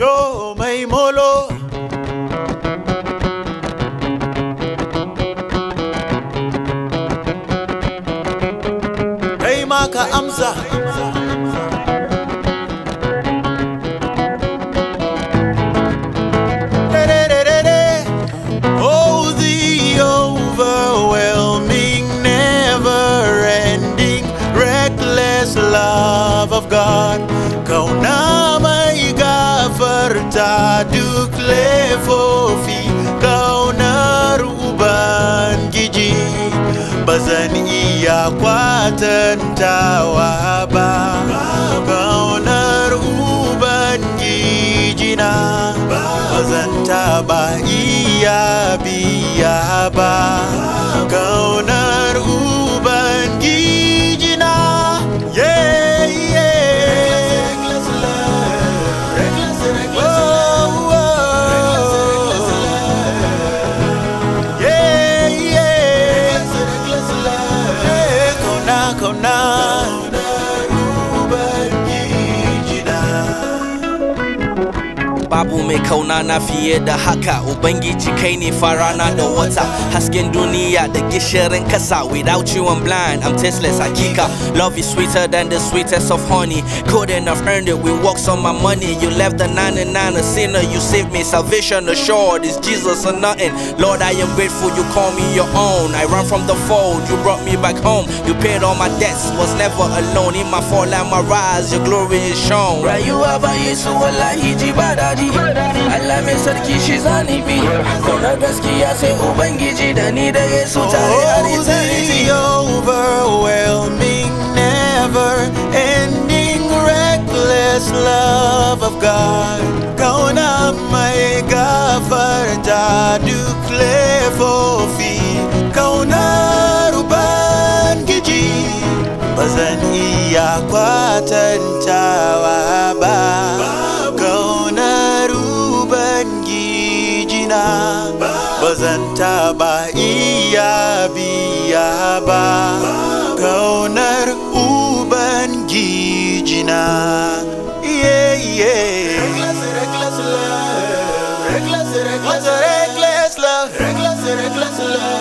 yo me molo. Oh, the overwhelming, never-ending, reckless love of God, go now a duk laifofi kaunar ubangiji ba zan iya kwatantawa ba kaunar ubangiji na ba taba iya biya ba kaunar knock on babu mai na fiye da haka ubangiji kai ne na da wata hasken duniya da gishirin kasa without you I'm blind I'm tasteless hakika love is sweeter than the sweetest of honey couldn't have earned it We walks on my money you left the 99 a sinner you saved me salvation assured is Jesus or nothing Lord I am grateful you call me your own I ran from the fold you brought me back home you paid all my debts was never alone in my fall and my rise your glory is shown Rayu aba Yesu wallahi jibada daɗi Allah mai sarki shi zani bi Kaunar gaskiya sai Ubangiji da ni da Yesu tare har eternity overwhelming never ending reckless love of God Kauna mai gafarta duk laifofi Kaunar Ubangiji ba zan iya kwatanta ba iya biya ba kaunar ubangijina yeah reckless reckless love reckless reckless love reckless reckless love